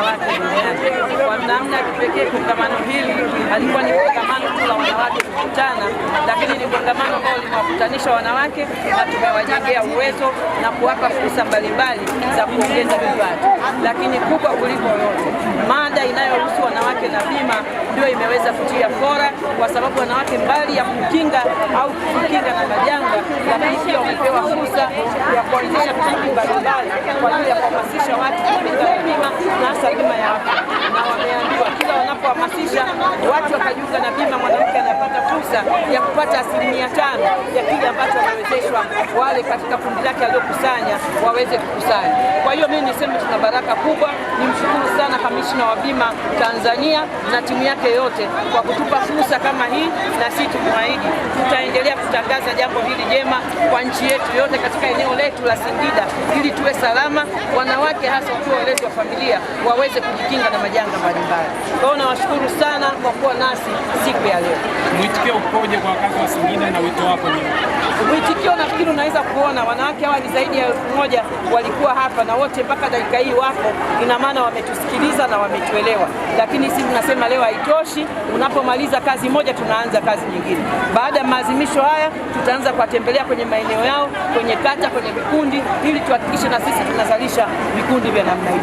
wanawake duniani. Kwa namna ya kipekee kongamano hili alikuwa ni kongamano tu la wanawake kukutana ni kongamano ambao limewakutanisha wanawake na tumewajengea uwezo na kuwapa fursa mbalimbali za kuongeza vipato, lakini kubwa kuliko yote, mada inayohusu wanawake na bima ndio imeweza kutia fora, kwa sababu wanawake mbali ya kukinga au kukinga na majanga, lakini pia wamepewa fursa ya kuanzisha vikundi mbalimbali kwa ajili ya kuhamasisha watu kujiunga na bima na hasa bima ya afya, na wameambiwa kila wanapohamasisha watu wakajiunga na bima fursa ya kupata asilimia tano ya kile ambacho wamewezeshwa wale katika kundi lake aliyokusanya waweze kukusanya. Kwa hiyo mimi niseme tuna baraka kubwa, ni mshukuru sana kamishna wa bima Tanzania na timu yake yote kwa kutupa fursa kama hii, na sisi tumwahidi tutaendelea kutangaza jambo hili jema kwa nchi yetu yote katika eneo letu la Singida ili tuwe salama, wanawake hasa wakiwa walezi wa familia waweze kujikinga na majanga mbalimbali. Kwa hiyo nawashukuru sana kwa kuwa nasi siku ya leo mwitikio ukoje kwa wakazi wa Singida na wito wako ni? Mwitikio nafikiri unaweza kuona wanawake hawa ni zaidi ya elfu moja walikuwa hapa na wote mpaka dakika hii wako, ina maana wametusikiliza na wametuelewa. Lakini sisi tunasema leo haitoshi, unapomaliza kazi moja tunaanza kazi nyingine. Baada ya maadhimisho haya, tutaanza kuwatembelea kwenye maeneo yao, kwenye kata, kwenye vikundi, ili tuhakikishe na sisi kuanzisha vikundi vya namna hiyo.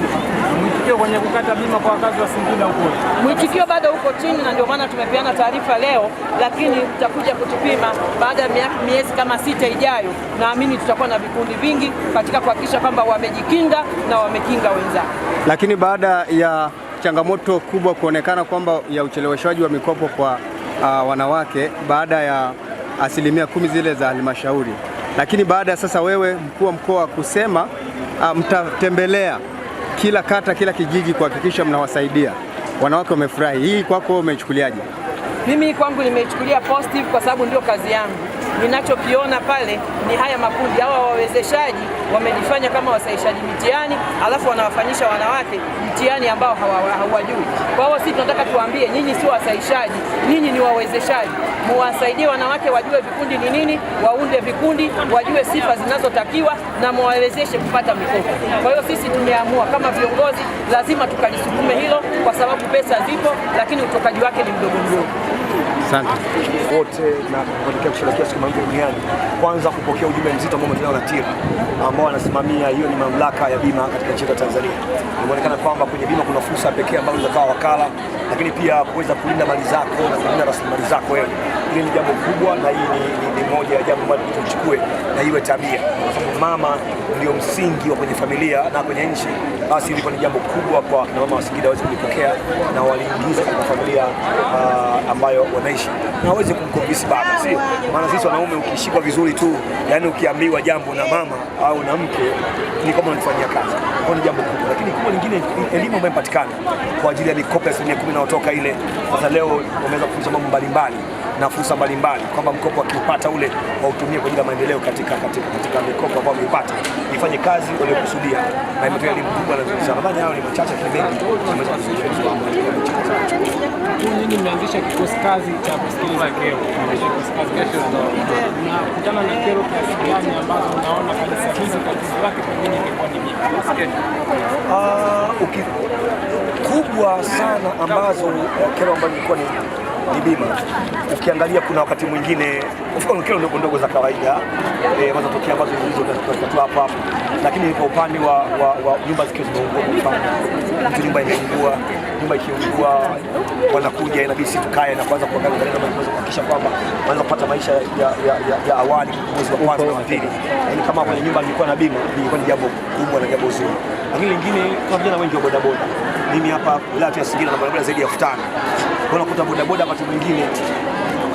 Mwitikio kwenye kukata bima kwa wakazi wa Singida huko, mwitikio bado huko chini, na ndio maana tumepeana taarifa leo, lakini tutakuja kutupima baada ya miezi kama sita ijayo. Naamini tutakuwa na vikundi vingi katika kuhakikisha kwamba wamejikinga na wamekinga wenzao. Lakini baada ya changamoto kubwa kuonekana kwamba ya ucheleweshwaji wa mikopo kwa uh, wanawake baada ya asilimia kumi zile za halmashauri, lakini baada ya sasa wewe mkuu wa mkoa kusema Ah, mtatembelea kila kata, kila kijiji kuhakikisha mnawasaidia wanawake. Wamefurahi hii kwako, umechukuliaje? Mimi kwangu nimechukulia positive kwa sababu ndio kazi yangu. Ninachokiona pale ni haya makundi hawa wawezeshaji wamejifanya kama wasaishaji mitihani, alafu wanawafanyisha wanawake mtihani ambao hawajui. Kwa hiyo sisi tunataka tuwaambie, nyinyi sio wasaishaji, nyinyi ni wawezeshaji muwasaidie wanawake wajue vikundi ni nini, waunde vikundi, wajue sifa zinazotakiwa na muwawezeshe kupata mikopo. Kwa hiyo sisi tumeamua kama viongozi lazima tukalisukume hilo, kwa sababu pesa zipo, lakini utokaji wake ni mdogo mdogo. Asante wote na kuelekea kusherehekea siku maalum duniani. Kwanza kupokea ujumbe mzito ambao umetolewa na TIRA ambao wanasimamia hiyo ni mamlaka ya bima katika nchi ya Tanzania. Inaonekana kwamba kwenye bima kuna fursa pekee ambazo zakawa wakala, lakini pia kuweza kulinda mali zako na kulinda rasilimali zako wewe hili ni jambo kubwa, na hii ni ni, ni moja ya jambo ambalo tuchukue na iwe tabia, kwa sababu mama ndio msingi wa kwenye familia na kwenye nchi. Basi ilikuwa ni jambo kubwa kwa na mama wa Singida waweze kulipokea na waliingiza kwenye familia uh, ambayo wanaishi na waweze kumkombisi baba, sio maana sisi wanaume ukishikwa vizuri tu, yani ukiambiwa jambo na mama au na mke ni kama unafanyia kazi, kwa ni jambo kubwa. Lakini kubwa lingine elimu ambayo imepatikana kwa ajili ya mikopo ya asilimia kumi inayotoka ile. Sasa leo wameweza kufundisha mambo mbalimbali na fursa mbalimbali, kwamba mkopo akiupata ule wautumie kwa ajili ya maendeleo katika, katika, katika mikopo ambayo ameipata ifanye kazi waliokusudia, na imetoa elimu kubwa na nadhani hayo ni machache kimengi nyinyi mmeanzisha kikosi kazi cha kusikiliza kero. Mnakutana na kero kiasi gani ambazo unaona tatizo lake pengine ingekuwa ni ah, kubwa sana ambazo eh, kero ambayo ilikuwa ni ni bima. Ukiangalia kuna wakati mwingine kero ndogo ndogo za kawaida e, tokea ambazo zilizo hapa, lakini kwa upande wa, wa, wa nyumba zikiwa zimeungua, mtu nyumba imeungua, nyumba ikiungua, wanakuja inabidi sisi tukae na kuanza kuangalia kuhakikisha kwamba wanaweza kupata maisha ya, ya, ya, ya awali mwezi wa kwanza na pili. Yani kama kwenye nyumba nilikuwa na bima, ilikuwa ni jambo kubwa na jambo zuri, lakini lingine kwa vijana wengi wa bodaboda mimi hapa wilaya ya Singida na barabara zaidi ya elfu tano kwa unakuta bodaboda wakati mwingine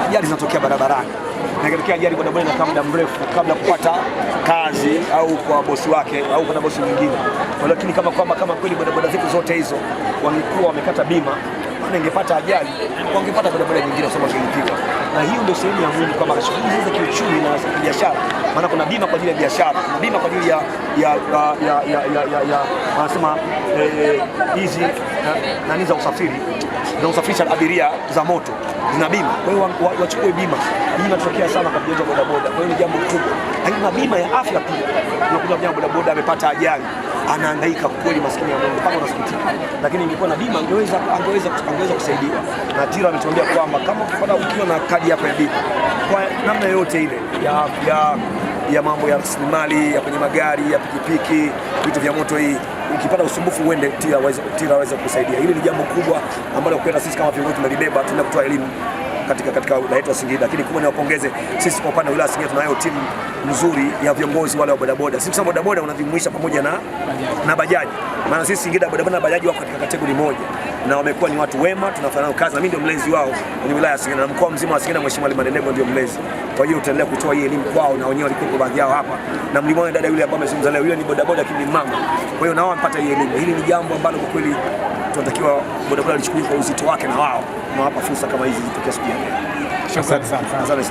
ajali zinatokea barabarani na ikitokea ajali bodaboda inakaa muda mrefu kabla kupata kazi au kwa bosi wake au kwa bosi mwingine, lakini kama kwamba kama kweli bodaboda zetu zote hizo wangekuwa wamekata bima maana ingepata ajali kwa ingepata bodaboda nyingine sababu Na hiyo ndio sehemu ya muhimu kama shughuli za kiuchumi na za biashara, maana kuna bima kwa ajili ya biashara, kuna bima kwa ajili ya ya ya ya ya wanasema eh, hizi nani za usafiri za usafirisha abiria za moto zina bima, kwa hiyo wachukue bima. Hii inatokea sana kwa bodaboda, kwa hiyo ni jambo kubwa, lakini na bima ya afya pia, unakuta bodaboda amepata ajali anahangaika kweli, maskini ya Mungu mpaka unasikitika, lakini ingekuwa na bima angeweza angeweza angeweza kusaidiwa. Na Tira ametuambia kwamba kama ukipata ukiwa na kadi hapa ya bima kwa namna yoyote ile ya ya ya mambo ya rasilimali ya kwenye magari ya pikipiki vitu vya moto hii ukipata usumbufu uende Tira aweze kusaidia. Hili ni jambo kubwa ambalo kwenda sisi kama viongozi tunalibeba, tunaenda kutoa elimu katika katika wilaya Singida, lakini kubwa niwapongeze sisi kwa upande wa wilaya Singida, tunayo timu nzuri ya viongozi wale wa bodaboda. Sisi kwa bodaboda unajumuisha pamoja na bajaji, na bajaji, maana sisi Singida bodaboda na bajaji wako katika kategori moja na wamekuwa ni watu wema, tunafanya kazi na mimi ndio mlezi wao kwenye wilaya ya Singida na mkoa mzima wa Singida, Mheshimiwa Limandenegwa ndio mlezi. Kwa hiyo tutaendelea kutoa hii elimu kwao, na wenyewe walikuwa baadhi yao hapa, na mlimwona dada yule ambaye amezungumza leo, yule ni bodaboda kimimama kwa hiyo nao wamepata hii elimu. Hili ni jambo ambalo kwa kweli tunatakiwa bodaboda lichukuliwe kwa uzito wake, na wao tunawapa fursa kama hizi zitokea siku ya leo. Asante sana.